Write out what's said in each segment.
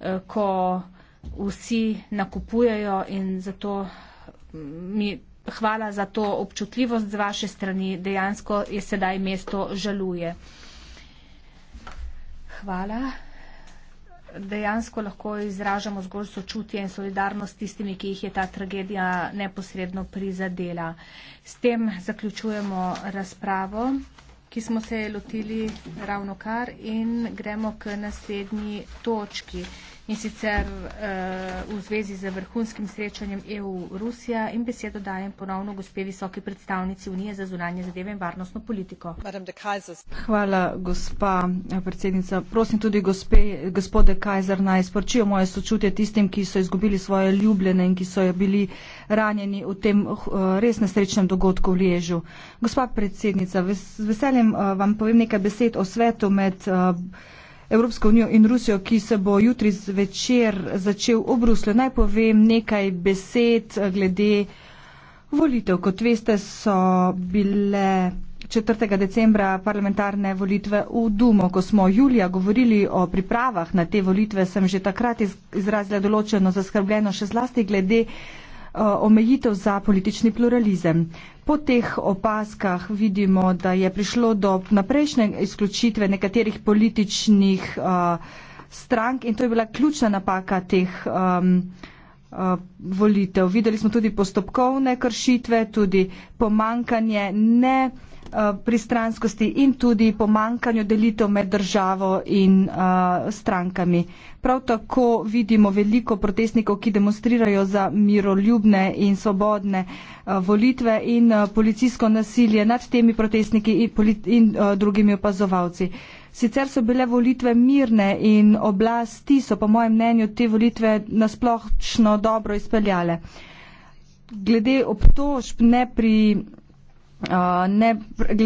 Eh, ko vsi nakupujejo in zato mm, mi hvala za to občutljivost z vaše strani, dejansko je sedaj mesto žaluje. Hvala. Dejansko lahko izražamo zgolj sočutje in solidarnost tistimi, ki jih je ta tragedija neposredno prizadela. S tem zaključujemo razpravo ki smo se lotili ravno kar in gremo k naslednji točki in sicer uh, v zvezi z vrhunskim srečanjem EU-Rusija in besedo dajem ponovno gospe visoki predstavnici Unije za zunanje zadeve in varnostno politiko. Hvala, gospa eh, predsednica. Prosim tudi gospe, gospode Kajzer naj sporočijo moje sočutje tistim, ki so izgubili svoje ljubljene in ki so bili ranjeni v tem uh, res nesrečnem dogodku v Liežu. Gospa predsednica, ves, z veseljem uh, vam povem nekaj besed o svetu med. Uh, Evropsko unijo in Rusijo, ki se bo jutri zvečer začel v Bruslju. Naj povem nekaj besed glede volitev. Kot veste, so bile 4. decembra parlamentarne volitve v Dumo. Ko smo julija govorili o pripravah na te volitve, sem že takrat izrazila določeno zaskrbljeno še zlasti glede Eh, omejitev za politični pluralizem. Po teh opaskah vidimo, da je prišlo do naprejšnje izključitve nekaterih političnih uh, strank in to je bila ključna napaka teh um, uh, volitev. Videli smo tudi postopkovne kršitve, tudi pomankanje ne uh, Eh, pristranskosti in tudi pomankanju delitev med državo in uh, strankami. Prav tako vidimo veliko protestnikov, ki demonstrirajo za miroljubne in svobodne uh, volitve in uh, policijsko nasilje nad temi protestniki in, in uh, drugimi opazovalci. Sicer so bile volitve mirne in oblasti so po mojem mnenju te volitve nasplošno dobro izpeljale. Glede obtožb ne pri ne,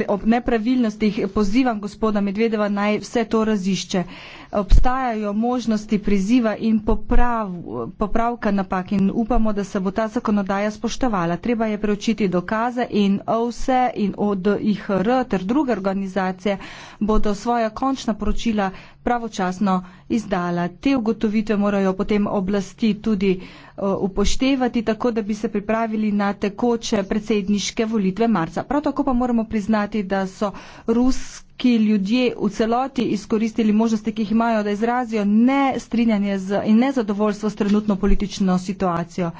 ob nepravilnostih pozivam gospoda Medvedeva naj vse to razišče obstajajo možnosti priziva in poprav, popravka napak in upamo, da se bo ta zakonodaja spoštovala. Treba je preučiti dokaze in OVSE in ODIHR ter druge organizacije bodo svoja končna poročila pravočasno izdala. Te ugotovitve morajo potem oblasti tudi eh, upoštevati, tako da bi se pripravili na tekoče predsedniške volitve marca. Prav tako pa moramo priznati, da so ruske ki ljudje v celoti izkoristili možnosti, ki jih imajo, da izrazijo nestrinjanje in nezadovoljstvo s trenutno politično situacijo.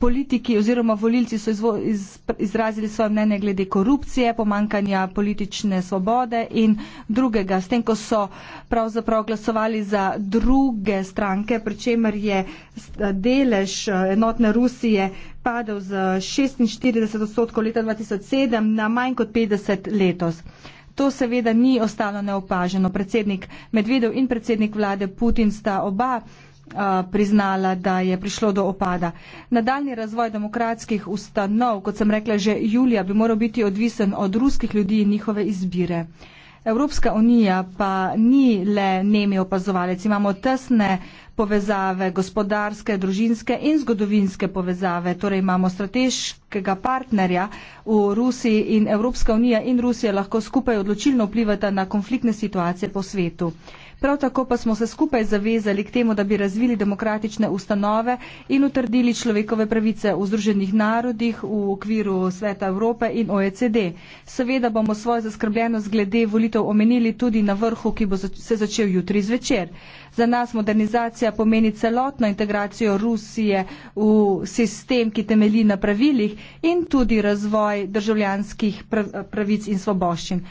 Politiki oziroma volilci so izvo, iz, izrazili svoje mnenje glede korupcije, pomankanja politične svobode in drugega. S tem, ko so pravzaprav glasovali za druge stranke, pri čemer je delež eh, enotne Rusije padel z 46 odstotkov leta 2007 na manj kot 50 letos. To seveda ni ostalo neopaženo. Predsednik Medvedev in predsednik vlade Putin sta oba priznala, da je prišlo do opada. Nadaljni razvoj demokratskih ustanov, kot sem rekla že julija, bi moral biti odvisen od ruskih ljudi in njihove izbire. Evropska unija pa ni le nemi opazovalec, imamo tesne povezave, gospodarske, družinske in zgodovinske povezave, torej imamo strateškega partnerja v Rusiji in Evropska unija in Rusija lahko skupaj odločilno vplivata na konfliktne situacije po svetu. Prav tako pa smo se skupaj zavezali k temu, da bi razvili demokratične ustanove in utrdili človekove pravice v Združenih narodih v okviru Sveta Evrope in OECD. Seveda bomo svojo zaskrbljenost glede volitev omenili tudi na vrhu, ki bo se začel jutri zvečer. Za nas modernizacija pomeni celotno integracijo Rusije v sistem, ki temelji na pravilih in tudi razvoj državljanskih pravic in svoboščin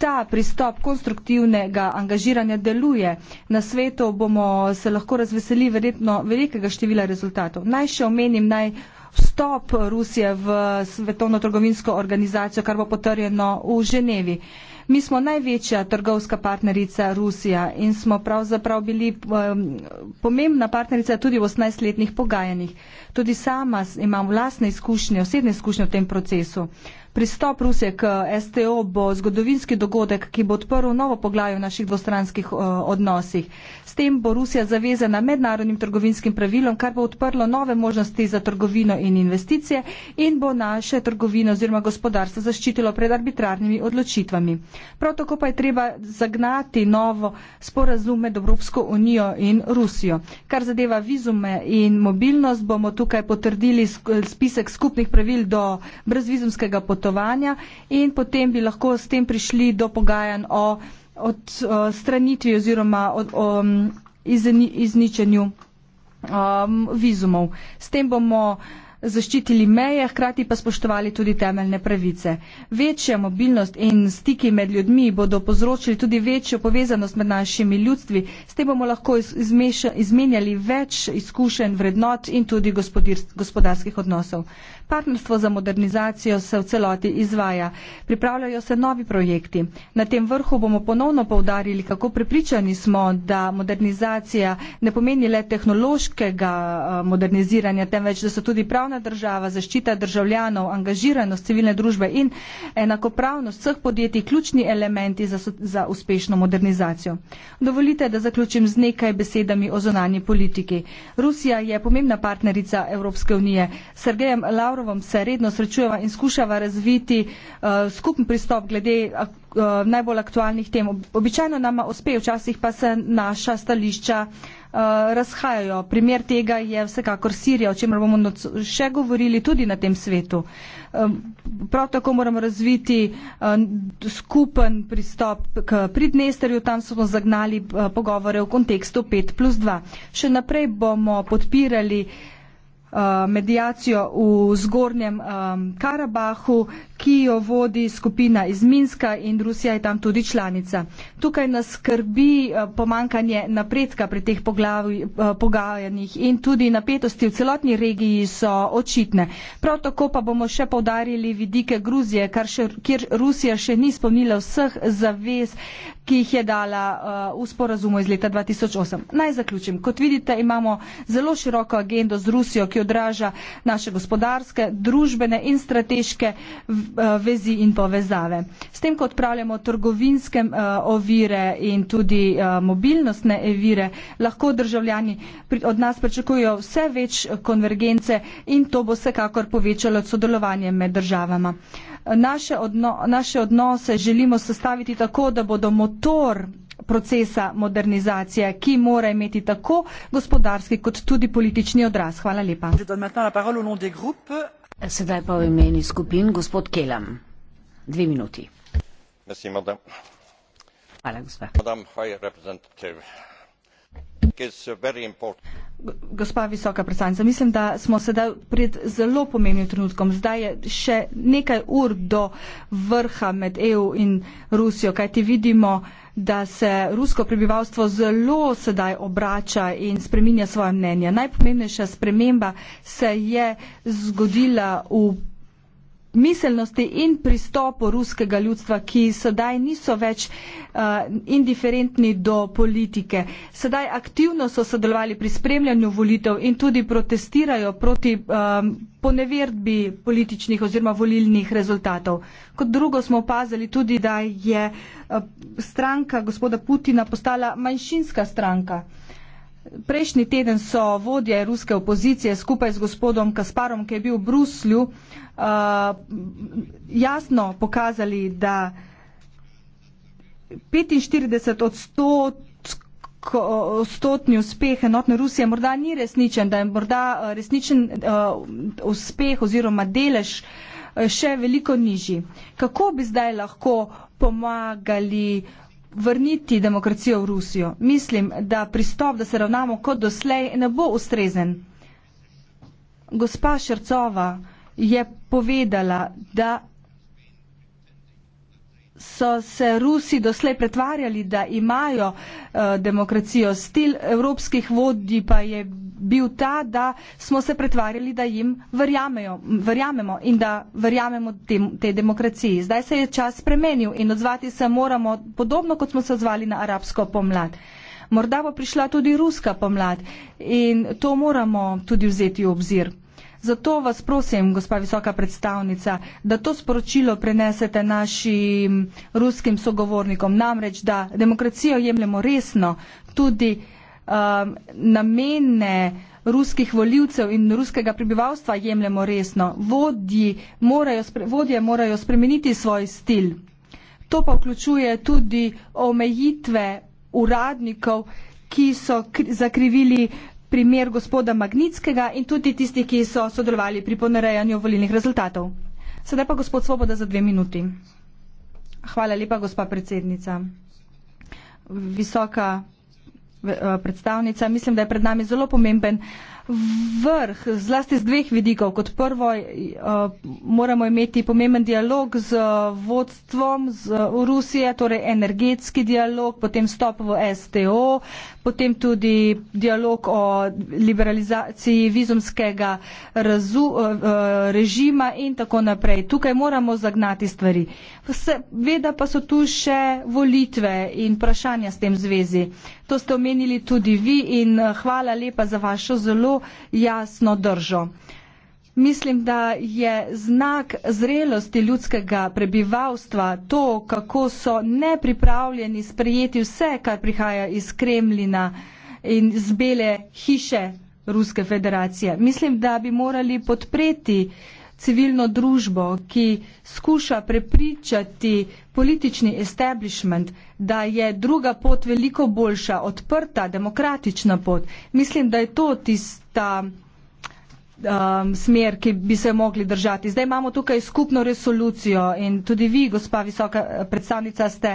ta pristop konstruktivnega angažiranja deluje. Na svetu bomo se lahko razveseli verjetno velikega števila rezultatov. Naj še omenim naj vstop Rusije v svetovno trgovinsko organizacijo, kar bo potrjeno v Ženevi. Mi smo največja trgovska partnerica Rusija in smo pravzaprav bili pomembna partnerica tudi v 18-letnih pogajanjih. Tudi sama imam vlastne izkušnje, osebne izkušnje v tem procesu. Pristop Rusije k STO bo zgodovinski dogodek, ki bo odprl novo poglavje v naših dvostranskih uh, odnosih. S tem bo Rusija zavezana mednarodnim trgovinskim pravilom, kar bo odprlo nove možnosti za trgovino in investicije in bo naše trgovino oziroma gospodarstvo zaščitilo pred arbitrarnimi odločitvami. Prav tako pa je treba zagnati novo sporazum med Evropsko unijo in Rusijo. Kar zadeva vizume in mobilnost, bomo tukaj potrdili spisek skupnih pravil do brezvizumskega potrebnega potovanja in potem bi lahko s tem prišli do pogajanj o odstranitvi oziroma o, o izničenju um, vizumov. S tem bomo zaščitili meje, hkrati pa spoštovali tudi temeljne pravice. Večja mobilnost in stiki med ljudmi bodo povzročili tudi večjo povezanost med našimi ljudstvi. S tem bomo lahko izmešali, izmenjali več izkušenj, vrednot in tudi gospodarskih odnosov. Partnerstvo za modernizacijo se v celoti izvaja. Pripravljajo se novi projekti. Na tem vrhu bomo ponovno povdarili, kako pripričani smo, da modernizacija ne pomeni le tehnološkega eh, moderniziranja, temveč da so tudi pravna država, zaščita državljanov, angažiranost civilne družbe in enakopravnost vseh podjetij ključni elementi za, za uspešno modernizacijo. Dovolite, da zaključim z nekaj besedami o zonanji politiki. Rusija je pomembna partnerica Evropske unije. Sergejem Lavrov Varovom se redno srečujeva in skušava razviti uh, skupen pristop glede uh, najbolj aktualnih tem. Običajno nama uspe, včasih pa se naša stališča uh, razhajajo. Primer tega je vsekakor Sirija, o čemer bomo noc, še govorili tudi na tem svetu. Um, prav tako moramo razviti um, skupen pristop k Pridnesterju, tam smo zagnali uh, pogovore v kontekstu 5 plus 2. Še naprej bomo podpirali. Eh, medijacijo v zgornjem um, Karabahu, ki jo vodi skupina iz Minska in Rusija je tam tudi članica. Tukaj nas skrbi eh, pomankanje napredka pri teh poglavi, uh, pogajanjih in tudi napetosti v celotni regiji so očitne. Prav tako pa bomo še povdarili vidike Gruzije, še, kjer Rusija še ni spomnila vseh zavez, ki jih je dala uh, v sporazumu iz leta 2008. Naj zaključim. Kot vidite, imamo zelo široko agendo z Rusijo, ki odraža naše gospodarske, družbene in strateške eh, vezi in povezave. S tem, ko odpravljamo trgovinske uh, ovire in tudi uh, mobilnostne ovire, lahko državljani pri, od nas pričakujejo vse več konvergence in to bo vsekakor povečalo sodelovanje med državama. Uh, naše, odno naše odnose želimo sestaviti tako, da bodo motor procesa modernizacije, ki mora imeti tako gospodarski kot tudi politični odraz. Hvala lepa. Sedaj pa v imeni skupin gospod Kelam. Dve minuti. Merci, Hvala, gospod gospa visoka predstavnica, mislim, da smo sedaj pred zelo pomembnim trenutkom. Zdaj je še nekaj ur do vrha med EU in Rusijo, kajti vidimo, da se rusko prebivalstvo zelo sedaj obrača in spreminja svoje mnenje. Najpomembnejša sprememba se je zgodila v miselnosti in pristopu ruskega ljudstva, ki sedaj niso več uh, indiferentni do politike. Sedaj aktivno so sodelovali pri spremljanju volitev in tudi protestirajo proti um, eh, poneverdbi političnih oziroma volilnih rezultatov. Kot drugo smo opazili tudi, da je uh, stranka gospoda Putina postala manjšinska stranka. Prejšnji teden so vodje ruske opozicije skupaj z gospodom Kasparom, ki je bil v Bruslju, uh, jasno pokazali, da 45 odstotni uspeh enotne Rusije morda ni resničen, da je morda uh, resničen uh, uspeh oziroma delež uh, še veliko nižji. Kako bi zdaj lahko pomagali vrniti demokracijo v Rusijo. Mislim, da pristop, da se ravnamo kot doslej, ne bo ustrezen. Gospa Šercova je povedala, da so se Rusi doslej pretvarjali, da imajo uh, demokracijo. Stil evropskih vodji pa je bil ta, da smo se pretvarjali, da jim verjamejo, verjamemo in da verjamemo tem, tej demokraciji. Zdaj se je čas spremenil in odzvati se moramo podobno, kot smo se odzvali na arabsko pomlad. Morda bo prišla tudi ruska pomlad in to moramo tudi vzeti v obzir. Zato vas prosim, gospa visoka predstavnica, da to sporočilo prenesete našim ruskim sogovornikom, namreč, da demokracijo jemljemo resno, tudi um, namene ruskih voljivcev in ruskega prebivalstva jemljemo resno. Vodji morajo, vodje morajo spremeniti svoj stil. To pa vključuje tudi omejitve uradnikov, ki so zakrivili uh, primer gospoda Magnitskega in tudi tistih, ki so sodelovali pri ponarejanju volilnih rezultatov. Sedaj pa gospod Svoboda za dve minuti. Hvala lepa, gospa predsednica. Visoka eh, predstavnica, mislim, da je pred nami zelo pomemben vrh, zlasti z dveh vidikov. Kot prvo eh, moramo imeti pomemben dialog z eh, vodstvom z Rusije, torej energetski dialog, potem stop v STO, potem tudi dialog o liberalizaciji vizumskega razu, eh, eh, režima in tako naprej. Tukaj moramo zagnati stvari. Veda pa so tu še volitve in vprašanja s tem zvezi. To ste omenili tudi vi in eh, hvala lepa za vašo zelo jasno držo. Mislim, da je znak zrelosti ljudskega prebivalstva to, kako so nepripravljeni sprejeti vse, kar prihaja iz Kremlina in z bele hiše Ruske federacije. Mislim, da bi morali podpreti civilno družbo, ki skuša prepričati politični establishment, da je druga pot veliko boljša, odprta, demokratična pot. Mislim, da je to tista um, smer, ki bi se mogli držati. Zdaj imamo tukaj skupno resolucijo in tudi vi, gospa visoka eh, predstavnica, ste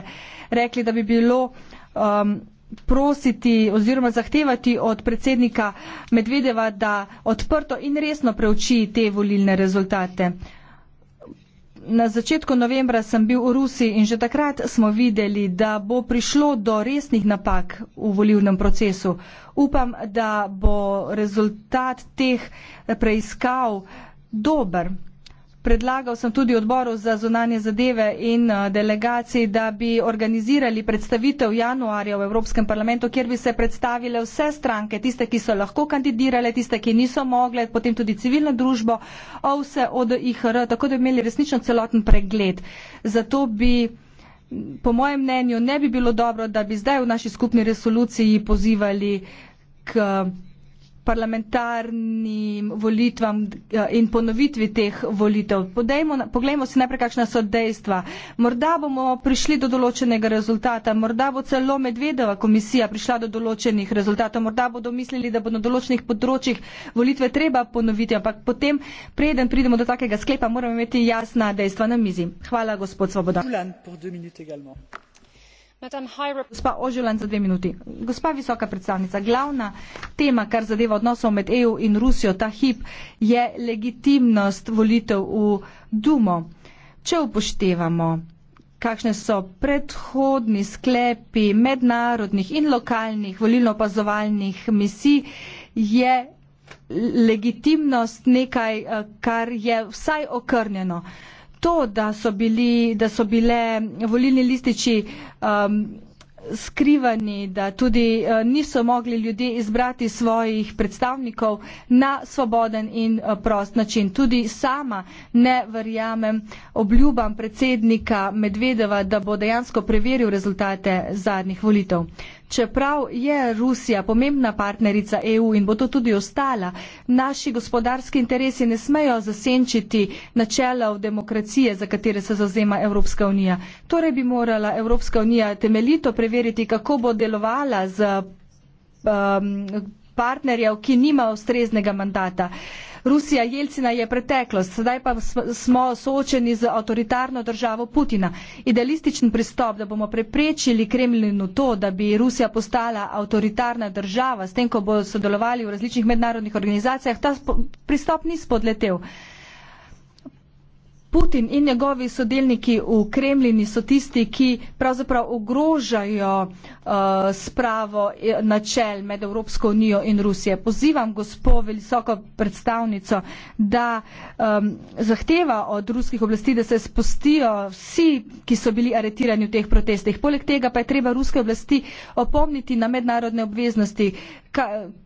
rekli, da bi bilo. Um, prositi oziroma zahtevati od predsednika Medvedeva, da odprto in resno preuči te volilne rezultate. Uh, na začetku novembra sem bil v Rusiji in že takrat smo videli, da bo prišlo do resnih napak v volivnem procesu. Upam, da bo rezultat teh preiskav dober predlagal sem tudi odboru za zunanje zadeve in eh, delegaciji, da bi organizirali predstavitev januarja v Evropskem parlamentu, kjer bi se predstavile vse stranke, tiste, ki so lahko kandidirale, tiste, ki niso mogle, potem tudi civilno družbo, vse od IHR, tako da bi imeli resnično celoten pregled. Zato bi. Po mojem mnenju ne bi bilo dobro, da bi zdaj v naši skupni resoluciji pozivali k parlamentarnim volitvam eh, in ponovitvi teh volitev. Podejmo, poglejmo si najprej, kakšna so dejstva. Morda bomo prišli do določenega rezultata, morda bo celo Medvedova komisija prišla do določenih rezultatov, morda bodo mislili, da bo na določenih področjih volitve treba ponoviti, ampak potem, preden pridemo do takega sklepa, moramo imeti jasna dejstva na mizi. Hvala, gospod Svoboda. Gospa Oželan za dve minuti. Gospa visoka predstavnica, glavna tema, kar zadeva odnosov med EU in Rusijo ta hip, je legitimnost volitev v Dumo. Če upoštevamo, kakšne so predhodni sklepi mednarodnih in lokalnih volilno-opazovalnih misij, je legitimnost nekaj, eh, kar je vsaj okrnjeno to, da so, bili, da so bile volilni lističi um, skrivani, da tudi uh, niso mogli ljudje izbrati svojih predstavnikov na svoboden in uh, prost način. Tudi sama ne verjamem obljubam predsednika Medvedeva, da bo dejansko preveril rezultate zadnjih volitev. Čeprav je Rusija pomembna partnerica EU in bo to tudi ostala, naši gospodarski interesi ne smejo zasenčiti načela v demokracije, za katere se zazema Evropska unija. Torej bi morala Evropska unija temeljito preveriti, kako bo delovala z um, partnerjev, ki nima ustreznega mandata. Uh, Rusija Jelcina je preteklost, sedaj pa smo soočeni z avtoritarno državo Putina. Idealističen pristop, da bomo preprečili Kremlinu to, da bi Rusija postala avtoritarna država, s tem, ko bo sodelovali v različnih mednarodnih organizacijah, ta pristop ni spodletel. Putin in njegovi sodelniki v Kremlini so tisti, ki pravzaprav ogrožajo uh, spravo eh, načel med Evropsko unijo in Rusijo. Pozivam gospo visoko predstavnico, da um, zahteva od ruskih oblasti, da se spustijo vsi, ki so bili aretirani v teh protestih. Poleg tega pa je treba ruske oblasti opomniti na mednarodne obveznosti,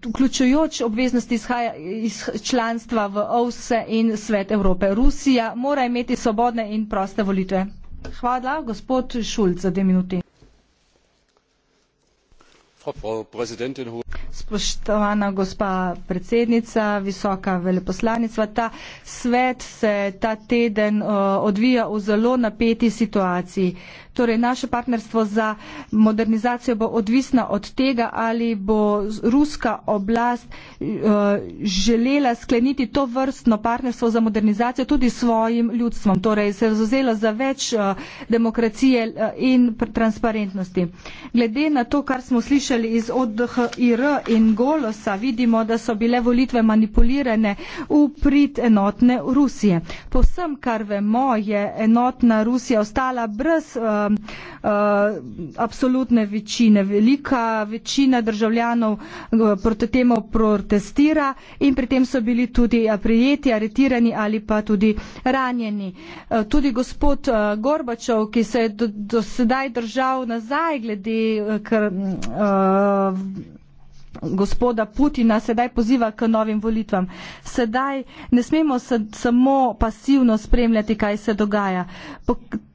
vključujoč obveznosti izhaja iz članstva v OVSE in Svet Evrope. Rusija mora imeti svobodne in proste volitve. Hvala, gospod Šulc, za dve minuti. Spoštovana gospa predsednica, visoka veleposlanica, ta svet se ta teden uh, odvija v zelo napeti situaciji. Torej, naše partnerstvo za modernizacijo bo odvisno od tega, ali bo ruska oblast eh, želela skleniti to vrstno partnerstvo za modernizacijo tudi svojim ljudstvom, torej se je zozela za več eh, demokracije eh, in transparentnosti. Glede na to, kar smo slišali iz ODHIR in Golosa, vidimo, da so bile volitve manipulirane v prid enotne Rusije. Po vsem, kar vemo, je enotna Rusija ostala brez Eh, absolutne večine. Velika večina državljanov eh, proti temu protestira in pri tem so bili tudi eh, prijeti, aretirani ali pa tudi ranjeni. Tudi gospod Gorbačov, ki se je do, do sedaj držal nazaj glede kr, mm, gospoda Putina sedaj poziva k novim volitvam. Sedaj ne smemo se samo pasivno spremljati, kaj se dogaja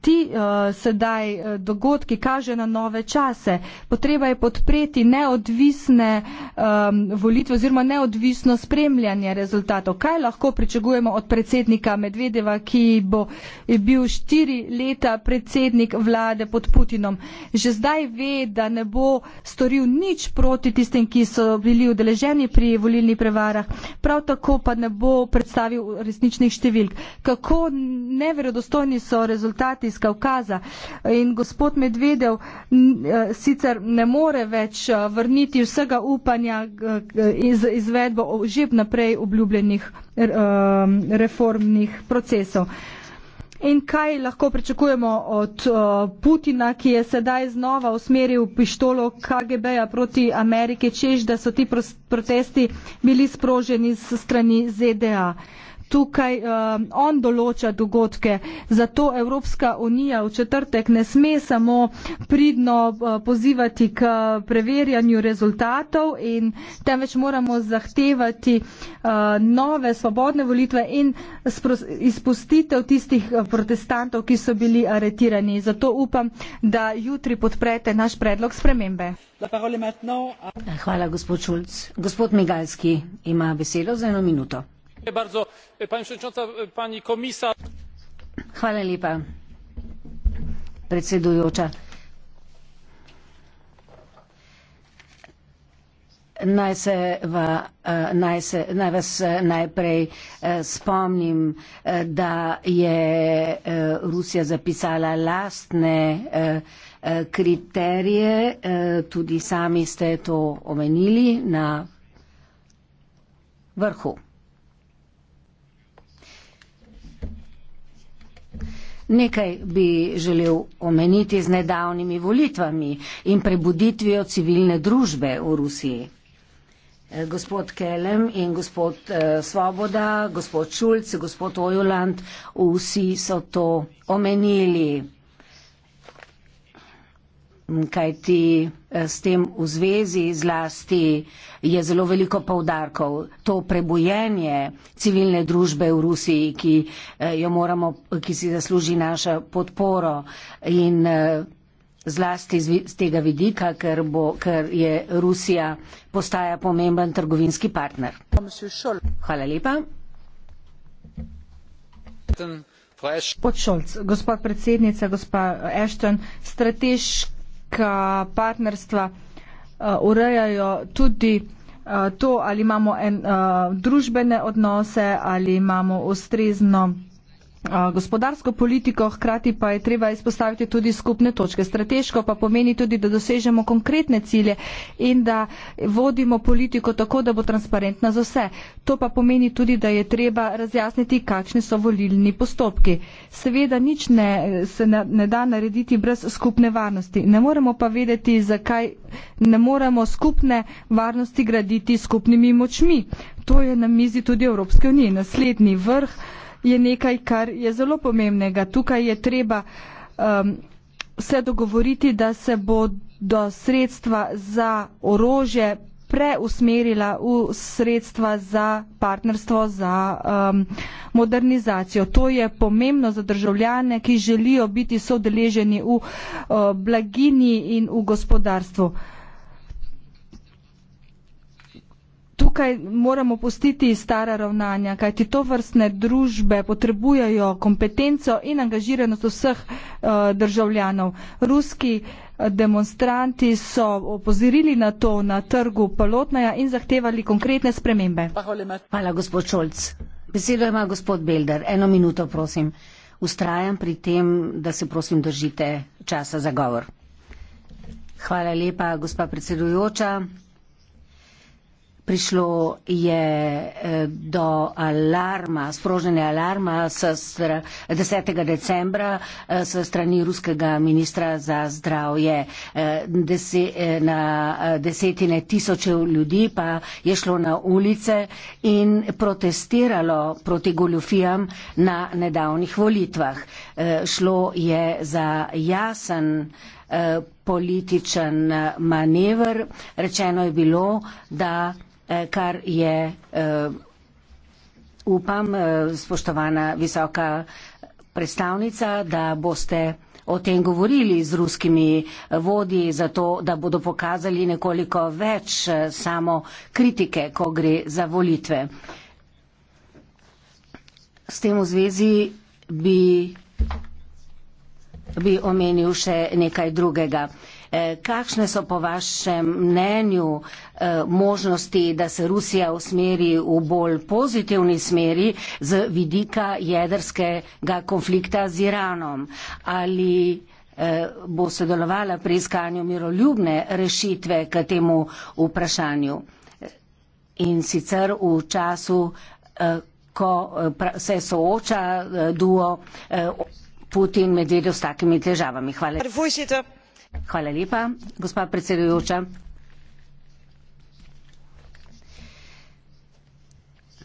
ti uh, sedaj eh, dogodki kaže na nove čase. Potreba je podpreti neodvisne um, volitve oziroma neodvisno spremljanje rezultatov. Kaj lahko pričakujemo od predsednika Medvedeva, ki bo bil štiri leta predsednik vlade pod Putinom? Že zdaj ve, da ne bo storil nič proti tistim, ki so bili udeleženi pri volilnih prevarah, prav tako pa ne bo predstavil resničnih številk. Kako neverodostojni so rezultati Kazenskega ukaza. In gospod Medvedev eh, sicer ne more več eh, vrniti vsega upanja eh, iz izvedbo že naprej obljubljenih reformnih procesov. In kaj lahko pričakujemo od Putina, ki je sedaj znova usmeril pištolo KGB-ja proti Ameriki, čež, da so ti protesti bili sproženi s strani ZDA? tukaj uh, on določa dogodke. Zato Evropska unija v četrtek ne sme samo pridno uh, pozivati k eh, preverjanju rezultatov in temveč moramo zahtevati uh, nove svobodne volitve in izpustitev tistih uh, protestantov, ki so bili aretirani. Zato upam, da jutri podprete naš predlog spremembe. Hvala, gospod Šulc. Gospod Migalski ima besedo za eno minuto. Eh, naj vas eh, najprej eh, spomnim da je rusija zapisala lastne kriterije tudi sami ste to omenili na vrhu Nekaj bi želel omeniti z nedavnimi volitvami in prebuditvijo civilne družbe v Rusiji. Eh, gospod Kelem in gospod eh, Svoboda, gospod Šulc, gospod Ojuland, vsi so to omenili kajti eh, s tem v zvezi zlasti je zelo veliko povdarkov. To prebojenje civilne družbe v Rusiji, ki, eh, moramo, ki si zasluži našo podporo in eh, zlasti z tega vidika, ker, bo, ker je Rusija postaja pomemben trgovinski partner. Hvala lepa. Gospod Šolc, gospod predsednica, gospod Ešton, strateški oblika partnerstva uh, urejajo tudi uh, to, ali imamo en, uh, družbene odnose, ali imamo ustrezno gospodarsko politiko, hkrati pa je treba izpostaviti tudi skupne točke. Strateško pa pomeni tudi, da dosežemo konkretne cilje in da vodimo politiko tako, da bo transparentna za vse. To pa pomeni tudi, da je treba razjasniti, kakšni so volilni postopki. Seveda nič ne, se ne, ne da narediti brez skupne varnosti. Ne moremo pa vedeti, zakaj ne moremo skupne varnosti graditi skupnimi močmi. To je na mizi tudi Evropske unije. Naslednji vrh je nekaj, kar je zelo pomembnega. Tukaj je treba um, se dogovoriti, da se bodo sredstva za orože preusmerila v sredstva za partnerstvo, za um, modernizacijo. To je pomembno za državljane, ki želijo biti sodeleženi v uh, blagini in v gospodarstvu. Uh, tukaj moramo pustiti stara ravnanja, kajti to vrstne družbe potrebujejo kompetenco in angažiranost vseh uh, državljanov. Ruski eh, demonstranti so opozorili na to na trgu Palotnaja in zahtevali konkretne spremembe. Hvala, gospod Šolc. Besedo ima gospod Belder. Eno minuto, prosim. Ustrajam pri tem, da se prosim držite časa za govor. Hvala lepa, gospa predsedujoča prišlo je eh, do alarma, sprožene alarma str 10. decembra eh, s strani ruskega ministra za zdravje. Eh, Desi, na desetine tisočev ljudi pa je šlo na ulice in protestiralo proti goljofijam na nedavnih volitvah. Šlo je za jasen Eh, političen eh, manever. Rečeno je bilo, da eh, kar je, upam, spoštovana visoka predstavnica, da boste o tem govorili z ruskimi vodji, zato da bodo pokazali nekoliko več samo kritike, ko gre za volitve. S tem v zvezi bi bi omenil še nekaj drugega. E, kakšne so po vašem mnenju e, možnosti, da se Rusija usmeri v bolj pozitivni smeri z vidika jedrskega konflikta z Iranom? Ali e, bo sodelovala pri iskanju miroljubne rešitve k temu vprašanju? In sicer v času, ko se sooča duo Putin medvedel s takimi težavami. Hvala, Hvala lepa, gospa predsedujoča.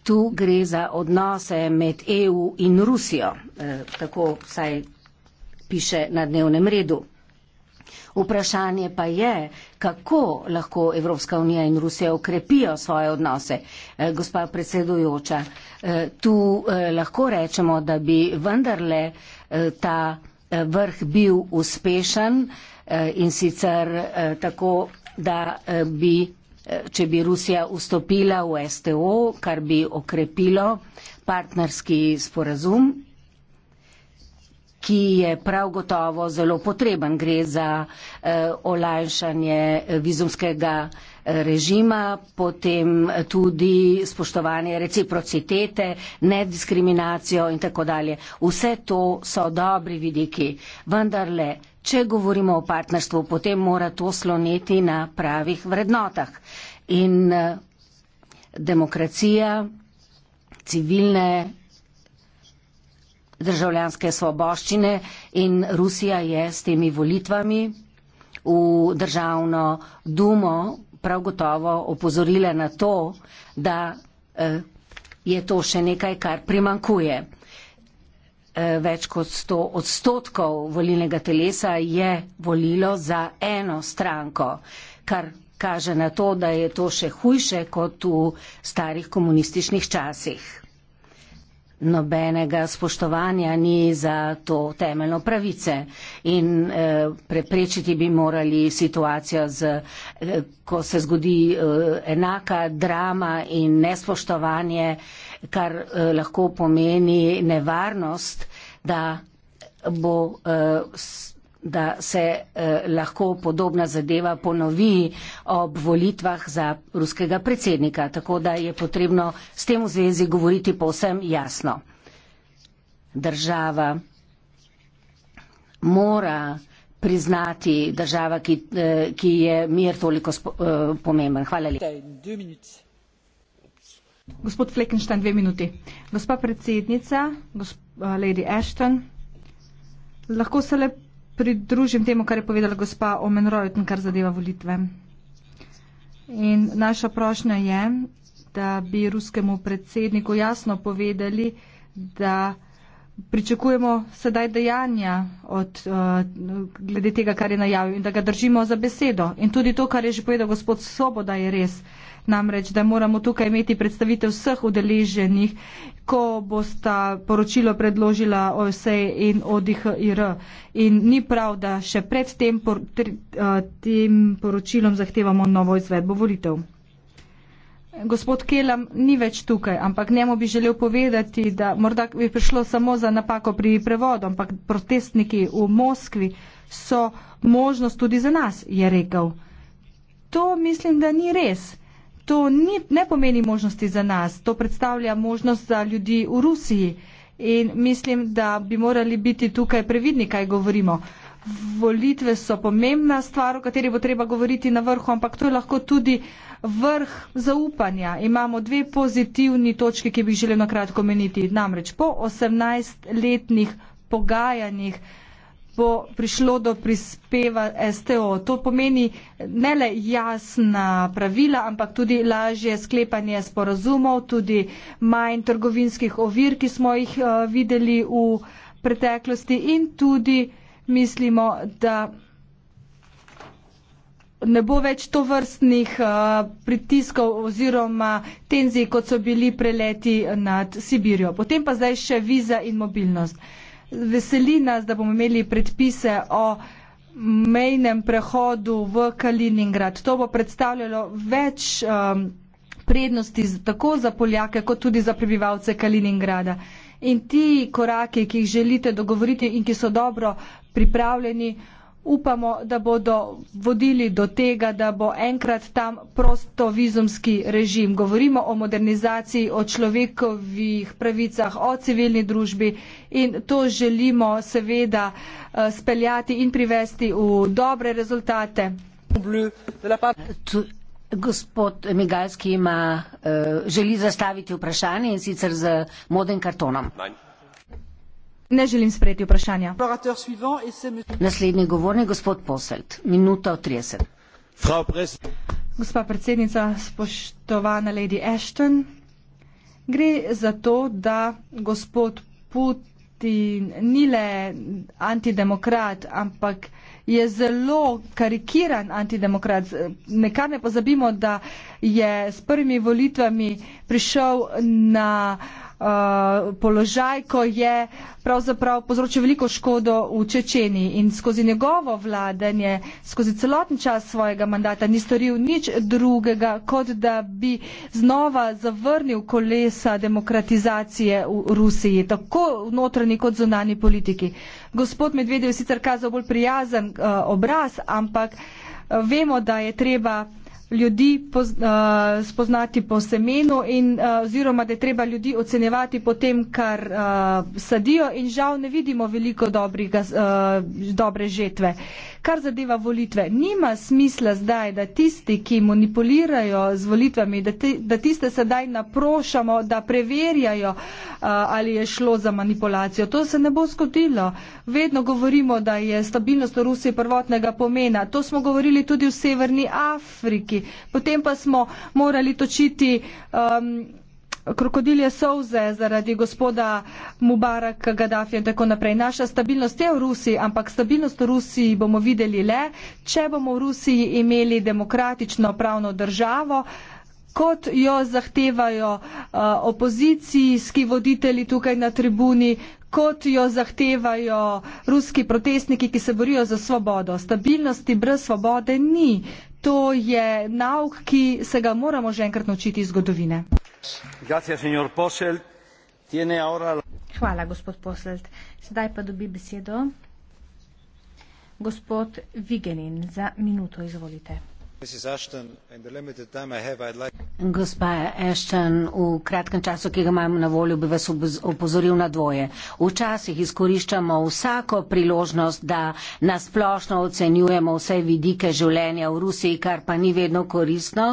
Tu gre za odnose med EU in Rusijo, eh, tako saj piše na dnevnem redu. Vprašanje pa je, kako lahko Evropska unija in Rusija okrepijo svoje odnose. Eh, gospa predsedujoča, eh, tu eh, lahko rečemo, da bi vendarle ta vrh bil uspešen in sicer tako, da bi, če bi Rusija ustopila v STO, kar bi okrepilo partnerski sporazum ki je prav gotovo zelo potreben. Gre za eh, olajšanje vizumskega eh, režima, potem tudi spoštovanje reciprocitete, nediskriminacijo in tako dalje. Vse to so dobri vidiki. Vendarle, če govorimo o partnerstvu, potem mora to sloneti na pravih vrednotah. In eh, demokracija, civilne državljanske svoboščine in Rusija je s temi volitvami v državno dumo prav gotovo opozorila na to, da eh, je to še nekaj, kar primankuje. Eh, več kot 100 odstotkov volilnega telesa je volilo za eno stranko, kar kaže na to, da je to še hujše kot v starih komunističnih časih nobenega spoštovanja ni za to temeljno pravice in eh, preprečiti bi morali situacijo, z, eh, ko se zgodi eh, enaka drama in nespoštovanje, kar eh, lahko pomeni nevarnost, da bo. Eh, da se eh, lahko podobna zadeva ponovi ob volitvah za ruskega predsednika. Tako da je potrebno s tem v zvezi govoriti povsem jasno. Država mora priznati država, ki, eh, ki je mir toliko sp, eh, pomemben. Hvala lepa. Gospod Fleckenstein, dve minuti. Gospa predsednica, gospa eh, Lady Ashton, lahko se lepo pridružim temu, kar je povedala gospa Omenrojten, kar zadeva volitve. In naša prošnja je, da bi ruskemu predsedniku jasno povedali, da pričakujemo sedaj dejanja od, uh, glede tega, kar je najavil in da ga držimo za besedo. In tudi to, kar je že povedal gospod Soboda, je res. Uh, namreč, da moramo tukaj imeti predstavitev vseh udeleženih, ko bosta poročilo predložila OSE in ODHIR. In ni prav, da še pred tem, por, tri, uh, tem poročilom zahtevamo novo izvedbo volitev. Gospod Kelam ni več tukaj, ampak njemu bi želel povedati, da morda bi prišlo samo za napako pri prevodu, ampak protestniki v Moskvi so možnost tudi za nas, je rekel. To mislim, da ni res to ni, ne pomeni možnosti za nas, to predstavlja možnost za ljudi v Rusiji in mislim, da bi morali biti tukaj previdni, kaj govorimo. Volitve so pomembna stvar, o kateri bo treba govoriti na vrhu, ampak to je lahko tudi vrh zaupanja. Imamo dve pozitivni točki, ki bi želel na kratko meniti. Namreč po 18-letnih pogajanjih bo prišlo do prispeva STO. To pomeni ne le jasna pravila, ampak tudi lažje sklepanje sporazumov, tudi manj trgovinskih ovir, ki smo jih eh, videli v preteklosti in tudi mislimo, da. Ne bo več to vrstnih eh, pritiskov oziroma tenzij, kot so bili preleti nad Sibirijo. Potem pa zdaj še viza in mobilnost. Veseli nas, da bomo imeli predpise o mejnem prehodu v Kaliningrad. To bo predstavljalo več um, prednosti tako za Poljake, kot tudi za prebivalce Kaliningrada. In ti koraki, ki jih želite dogovoriti in ki so dobro pripravljeni, upamo, da bodo vodili do tega, da bo enkrat tam prosto vizumski režim. Govorimo o modernizaciji, o človekovih pravicah, o civilni družbi in to želimo seveda eh, speljati in privesti v dobre rezultate. Gospod Migalski ima, eh, želi zastaviti vprašanje in sicer z modrim kartonom. Nein. Ne želim sprejeti vprašanja. Naslednji govornik, gospod Poselt, minuta od 30. Gospa predsednica, spoštovana Lady Ashton, gre za to, da gospod Putin ni le antidemokrat, ampak je zelo karikiran antidemokrat. Nekar ne pozabimo, da je s prvimi volitvami prišel na. Uh, uh, položaj, ko je pravzaprav povzročil veliko škodo v Čečeni in skozi njegovo vladanje, skozi celoten čas svojega mandata ni storil nič drugega, kot da bi znova zavrnil kolesa demokratizacije v Rusiji, tako v notranji kot zunani politiki. Gospod Medvedev je sicer kazal bolj prijazen uh, obraz, ampak eh, vemo, da je treba ljudi poz, uh, spoznati po semenu in uh, oziroma, da je treba ljudi ocenjevati po tem, kar uh, sadijo in žal ne vidimo veliko dobrega, uh, dobre žetve. Kar zadeva volitve, nima smisla zdaj, da tisti, ki manipulirajo z volitvami, da, te, da tiste sedaj naprošamo, da preverjajo, uh, ali je šlo za manipulacijo. To se ne bo zgodilo. Vedno govorimo, da je stabilnost v Rusiji prvotnega pomena. To smo govorili tudi v Severni Afriki. Potem pa smo morali točiti um, krokodilje solze zaradi gospoda Mubarak, Gaddafi in tako naprej. Naša stabilnost je v Rusiji, ampak stabilnost v Rusiji bomo videli le, če bomo v Rusiji imeli demokratično pravno državo kot jo zahtevajo uh, opozicijski voditelji tukaj na tribuni, kot jo zahtevajo ruski protestniki, ki se borijo za svobodo. Stabilnosti brez svobode ni. To je nauk, ki se ga moramo že enkrat naučiti iz zgodovine. Hvala, gospod Poselt. Sedaj pa dobi besedo gospod Vigenin. Za minuto izvolite gospa ashton v kratkem času ki ga imam na voljo bi vas opozoril na dvoje včasih izkoriščamo vsako priložnost da nasplošno ocenjujemo vse vidike življenja v rusiji kar pa ni vedno koristno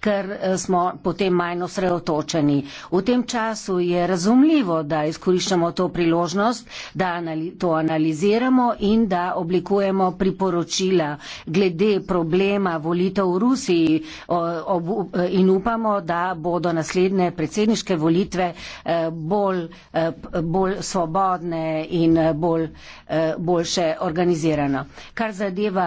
ker eh, smo potem manj osredotočeni. V tem času je razumljivo, da izkoriščamo to priložnost, da to analiziramo in da oblikujemo priporočila glede problema volitev v Rusiji eh, in upamo, da bodo naslednje predsedniške volitve eh, bolj, bolj svobodne in bolj, boljše organizirane. Kar zadeva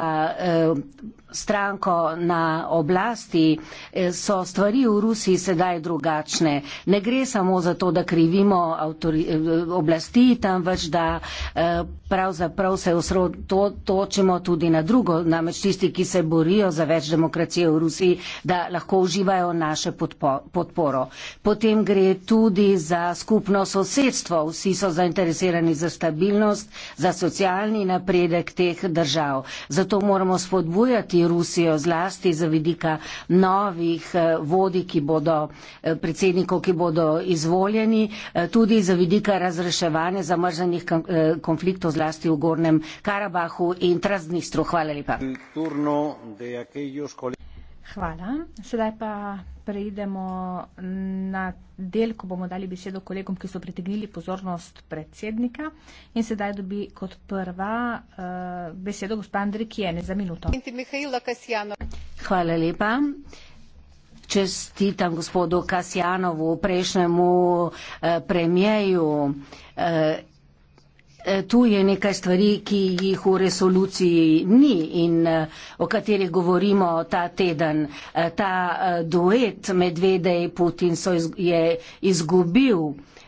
stranko na oblasti, eh, so stvari v Rusiji sedaj drugačne. Ne gre samo za to, da krivimo eh, oblasti, temveč da eh, pravzaprav se osredotočimo tudi na drugo, namreč tisti, ki se borijo za več demokracije v Rusiji, da lahko uživajo naše podporo. Potem gre tudi za skupno sosedstvo. Vsi so zainteresirani za stabilnost, za socialni napredek teh držav. Zato moramo spodbujati Rusijo, zlasti za vidika novih eh, vodij, ki bodo eh, predsednikov, ki bodo izvoljeni, eh, tudi za vidika razreševanja zamrznjenih konfliktov zlasti v Gornjem Karabahu in Trasnistru. Hvala lepa. Hvala. Sedaj pa preidemo na del, ko bomo dali besedo kolegom, ki so pritegnili pozornost predsednika. In sedaj dobi kot prva uh, besedo gospod Andrej Kijene za minuto. Hvala lepa. Čestitam gospodu Kasjanovu, prejšnjemu eh, premijeju. Eh, Eh, tu je nekaj stvari, ki jih v resoluciji ni in eh, o katerih govorimo ta teden. Eh, ta duet Medvedej Putin je izgubil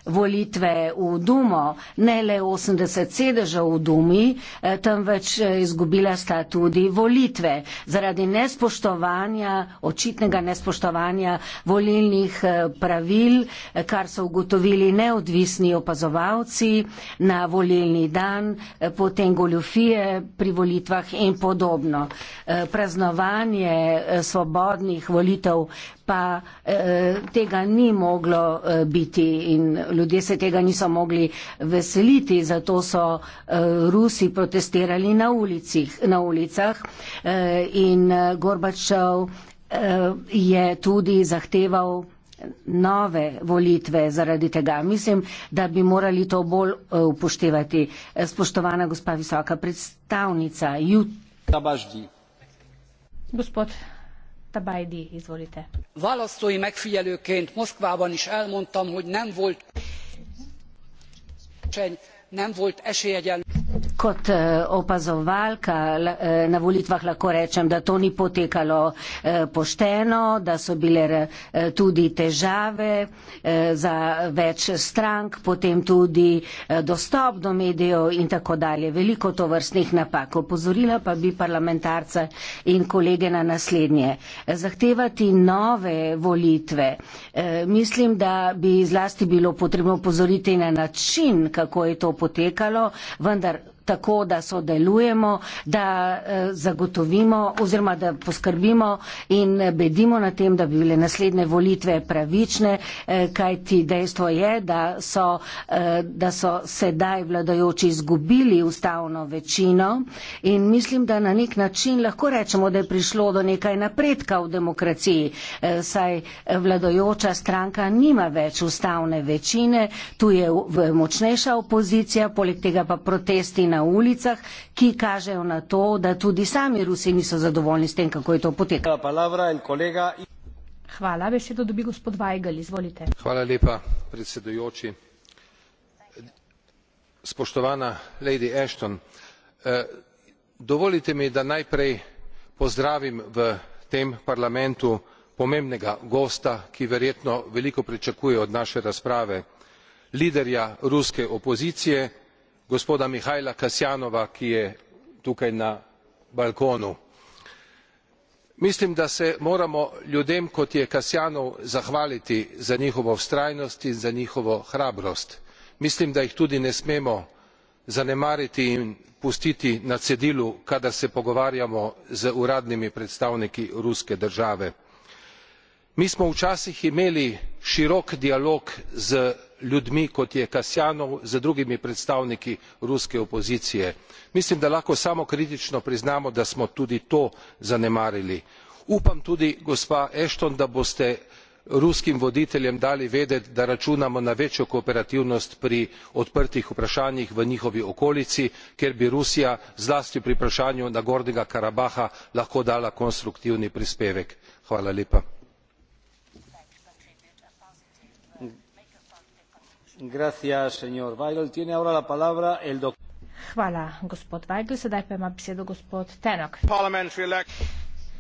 volitve v Dumo, ne le 80 sedežev v Dumi, eh, temveč eh, izgubila sta tudi volitve zaradi nespoštovanja, očitnega nespoštovanja volilnih eh, pravil, kar so ugotovili neodvisni opazovalci na volilni dan, potem goljufije pri volitvah in podobno. Praznovanje svobodnih volitev pa tega ni moglo biti in ljudje se tega niso mogli veseliti, zato so eh, Rusi protestirali na, ulicih, na ulicah eh, in eh, Gorbačov je tudi zahteval nove volitve zaradi tega. Mislim, da bi morali to bolj upoštevati. Spoštovana gospa visoka predstavnica, jutri. Gospod választói megfigyelőként moszkvában is elmondtam hogy nem volt esélyegyenlőség a kommunizmus ellen tüntetni kot eh, opazovalka eh, na volitvah lahko rečem, da to ni potekalo eh, pošteno, da so bile tudi težave za več strank, potem tudi dostop do medijev in tako dalje. Veliko to vrstnih napak. Opozorila pa bi parlamentarce in kolege na naslednje. Zahtevati nove volitve. Mislim, da bi zlasti bilo potrebno opozoriti na način, kako je to potekalo, vendar tako, da sodelujemo, da eh, zagotovimo oziroma da poskrbimo in eh, bedimo na tem, da bi bile naslednje volitve pravične, eh, kajti dejstvo je, da so, da so sedaj vladajoči izgubili ustavno večino in mislim, da na nek način lahko rečemo, da je prišlo do nekaj napredka v demokraciji, saj vladajoča stranka nima več ustavne večine, tu je močnejša opozicija, poleg tega pa protesti na ulicah, ki kažejo na to, da tudi sami Rusi niso zadovoljni s tem, kako je to potekalo. Hvala. Besedo dobi gospod Vajgal. Izvolite. Hvala lepa, predsedujoči. Spoštovana Lady Ashton, eh, dovolite mi, da najprej pozdravim v tem parlamentu pomembnega gosta, ki verjetno veliko pričakuje od naše razprave, liderja ruske opozicije, gospoda mihaila kasjanova ki je tukaj na balkonu. mislim da se moramo ljudem kot je kasjanov zahvaliti za njihovo vztrajnost in za njihovo hrabrost. mislim da jih tudi ne smemo zanemariti in pustiti na cedilu kadar se pogovarjamo z uradnimi predstavniki ruske države. mi smo včasih imeli širok dialog z ljudmi kot je kasjanov z drugimi predstavniki ruske opozicije. mislim da lahko samokritično priznamo da smo tudi to zanemarili. upam tudi gospa ashton da boste ruskim voditeljem dali vedeti da računamo na večjo kooperativnost pri odprtih vprašanjih v njihovi okolici kjer bi rusija zlasti pri vprašanju nagornega karabaha lahko dala konstruktivni prispevek. parliamentary elections.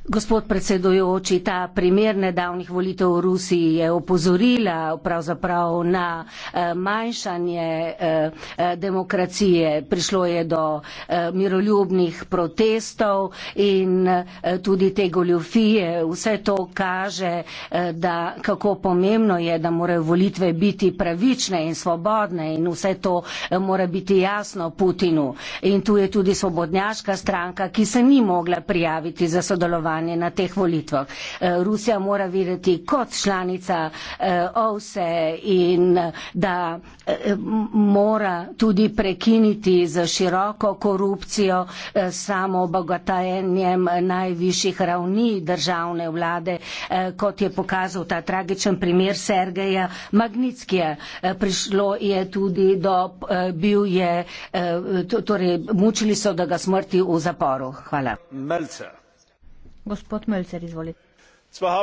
Gospod predsedujoči, ta primer nedavnih volitev v Rusiji je opozorila pravzaprav na eh, manjšanje eh, eh, demokracije. Prišlo je do miroljubnih protestov in tudi te goljofije. Vse to kaže, da kako pomembno je, da morajo volitve biti pravične in svobodne in vse to mora biti jasno Putinu. In tu je tudi svobodnjaška stranka, ki se ni mogla prijaviti za sodelovanje sodelovanje na teh volitvah. Eh, Rusija mora videti kot članica eh, OVSE in eh, da mora tudi prekiniti z široko korupcijo, samo obogatajenjem najvišjih ravni državne vlade, kot je pokazal ta tragičen primer Sergeja Magnitskija. Prišlo je tudi do, bil je, torej mučili so, da ga smrti v zaporu. Hvala. Melcer. Ja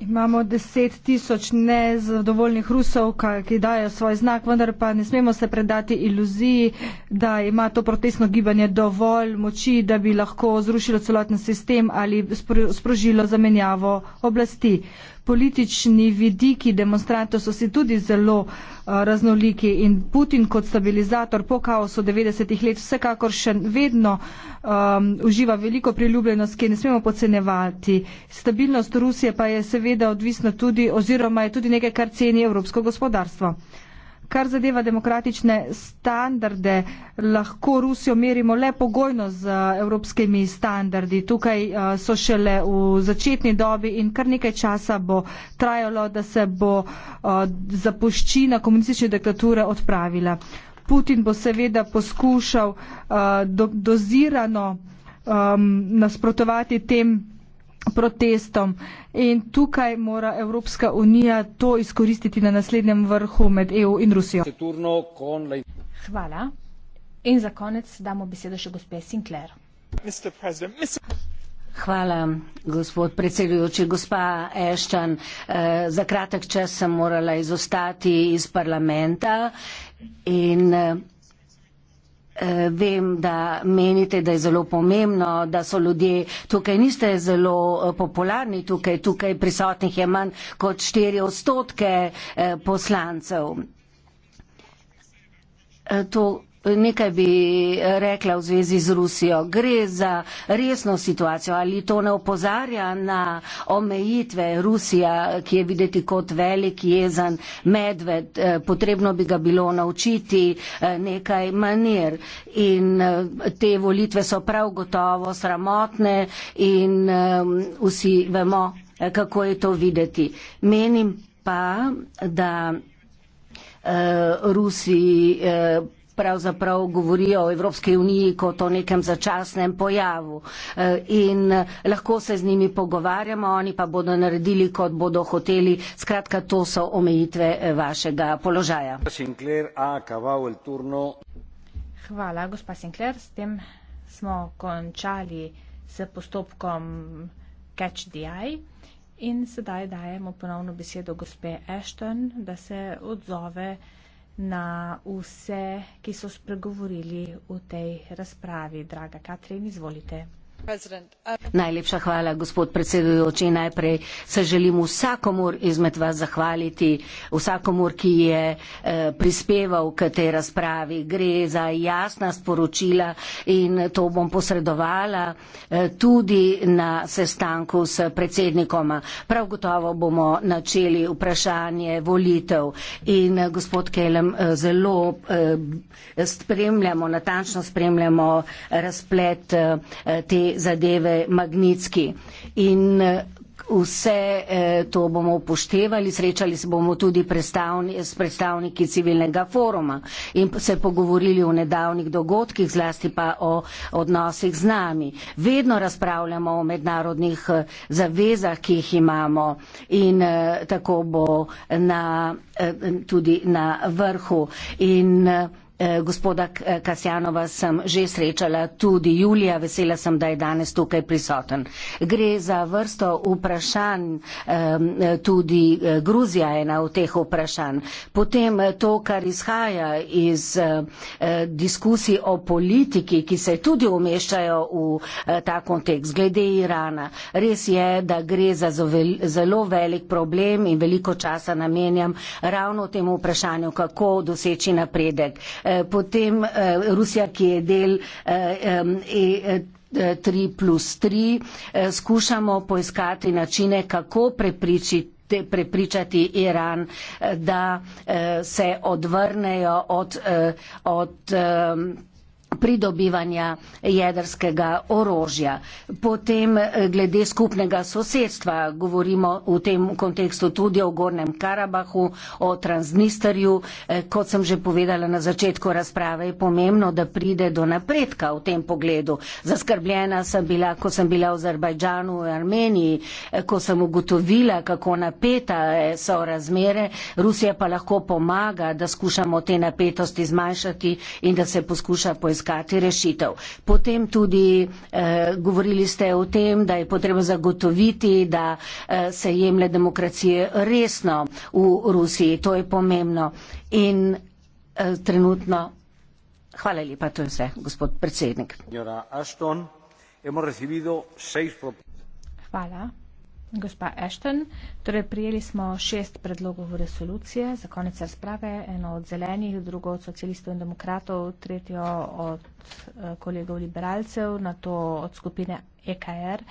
imamo deset tisoč nezadovoljnih rusov ki dajo svoj znak vendar pa ne smemo se predati iluziji da ima to protestno gibanje dovolj moči da bi lahko zrušilo celoten sistem ali sprožilo zamenjavo oblasti politični vidiki demonstrantov so si tudi zelo eh, raznoliki in Putin kot stabilizator po kaosu 90-ih let vsekakor še vedno um, uživa veliko priljubljenost, ki ne smemo podcenevati. Stabilnost Rusije pa je seveda odvisna tudi oziroma je tudi nekaj, kar ceni evropsko gospodarstvo kar zadeva demokratične standarde, lahko Rusijo merimo le pogojno z eh, evropskimi standardi. Tukaj eh, so šele v začetni dobi in kar nekaj časa bo trajalo, da se bo eh, zapuščina komunistične diktature odpravila. Putin bo seveda poskušal dozirano ehm, nasprotovati tem protestom. In tukaj mora Evropska unija to izkoristiti na naslednjem vrhu med EU in Rusijo. Hvala. In za konec damo besedo še gospe Sinclair. Hvala, gospod predsedujoči. Gospa Eštan, eh, za kratek čas sem morala izostati iz parlamenta in eh, Eh, vem, da menite, da je zelo pomembno, da so ljudje tukaj niste zelo eh, popularni, tukaj, tukaj prisotnih je manj kot 4 odstotke eh, poslancev. To, Nekaj bi rekla v zvezi z Rusijo. Gre za resno situacijo. Ali to ne opozarja na omejitve Rusija, ki je videti kot velik jezen medved? Eh, potrebno bi ga bilo naučiti eh, nekaj manir. In eh, te volitve so prav gotovo sramotne in vsi vemo, kako je to videti. Menim pa, da Rusi pravzaprav govorijo o Evropske unije kot o nekem začasnem pojavu. E, in e, lahko se z njimi pogovarjamo, oni pa bodo naredili, kot bodo hoteli. Skratka, to so omejitve e, vašega položaja. Hvala, gospa Sinclair. S tem smo končali s postopkom Catch the Eye. In sedaj dajemo ponovno besedo gospe Ashton, da se odzove na vse, ki so spregovorili v tej razpravi. Draga Katrin, izvolite. Uh, Najlepša hvala, gospod predsedujoči. Najprej se želim vsakomur izmed vas zahvaliti, vsakomur, ki je eh, prispeval k tej razpravi. Gre za jasna sporočila in to bom posredovala eh, tudi na sestanku s predsednikoma. Prav gotovo bomo načeli vprašanje volitev in eh, gospod Kelem zelo spremljamo, natančno spremljamo razplet te zadeve magnitski. In eh, vse eh, to bomo upoštevali, srečali se bomo tudi predstavni, s predstavniki civilnega foruma in se pogovorili o nedavnih dogodkih, zlasti pa o odnosih z nami. Vedno razpravljamo o mednarodnih eh, zavezah, ki jih imamo in tako bo na, tudi na vrhu. In, Eh, gospoda eh, Kasjanova sem že srečala, tudi Julija, vesela sem, da je danes tukaj prisoten. Gre za vrsto vprašanj, tudi eh, Gruzija je ena od teh vprašanj. Potem to, kar izhaja iz diskusij o politiki, ki se tudi umeščajo v ta kontekst, glede Irana. Res je, da gre za zelo velik problem in veliko časa namenjam ravno temu vprašanju, kako doseči napredek. Eh, potem eh, Rusija, ki je del E3 eh, e, plus 3, skušamo poiskati načine, kako prepričati prepričati Iran, da se odvrnejo od, od, od pridobivanja jedrskega orožja. Potem eh, glede skupnega sosedstva, govorimo v tem kontekstu tudi o Gornjem Karabahu, o Transnisterju. Eh, kot sem že povedala na začetku razprave, je pomembno, da pride do napredka v tem pogledu. Zaskrbljena sem bila, ko sem bila v Azerbajdžanu, v Armeniji, eh, ko sem ugotovila, kako napeta so razmere. Rusija pa lahko pomaga, da skušamo te napetosti zmanjšati in da se poskuša poiskati iskati rešitev. Potem tudi eh, govorili ste o tem, da je potrebno zagotoviti, da eh, se jemlje demokracije resno v Rusiji. To je pomembno. In eh, trenutno. Hvala lepa, to je vse, gospod predsednik. Hvala. Gospa Ashton, torej prijeli smo šest predlogov resolucije za konec razprave, eno od zelenih, drugo od socialistov in demokratov, tretjo od eh, kolegov liberalcev, na to od skupine EKR